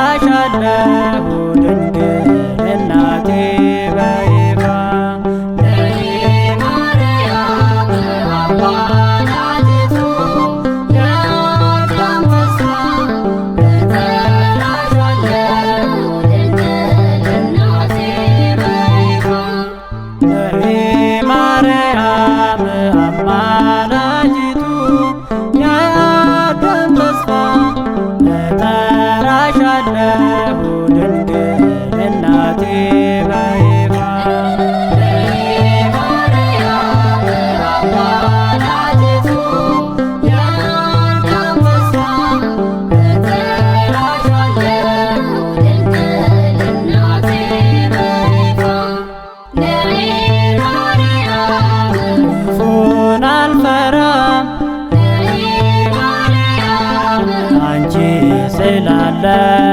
አድራሻለሁ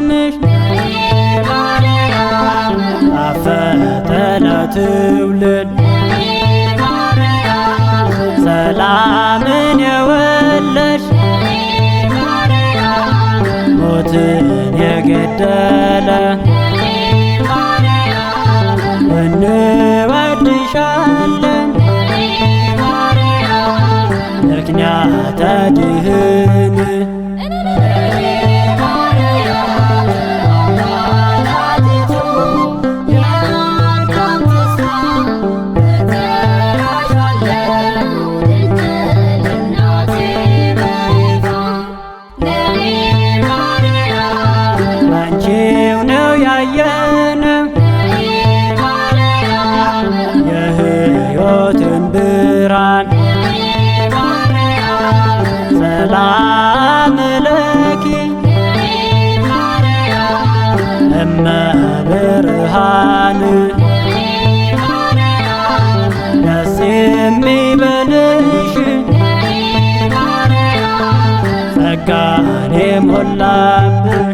ስምሽ አፈተነ ትውልድ ሰላምን የወለሽ ሞትን የገደለ የሕይወትን ብርሃን ሰላም ለኪ እመ ደስ የሚበልሽ ጸጋን የሞላብን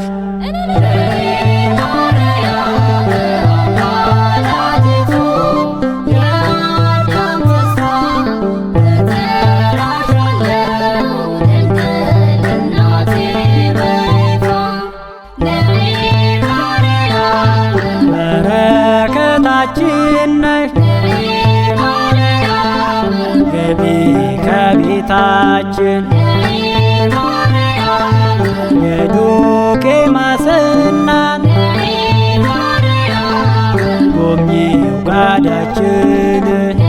እመቤታችን የዱቄ ማሰናን ጎብኚው ጓዳችን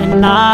እና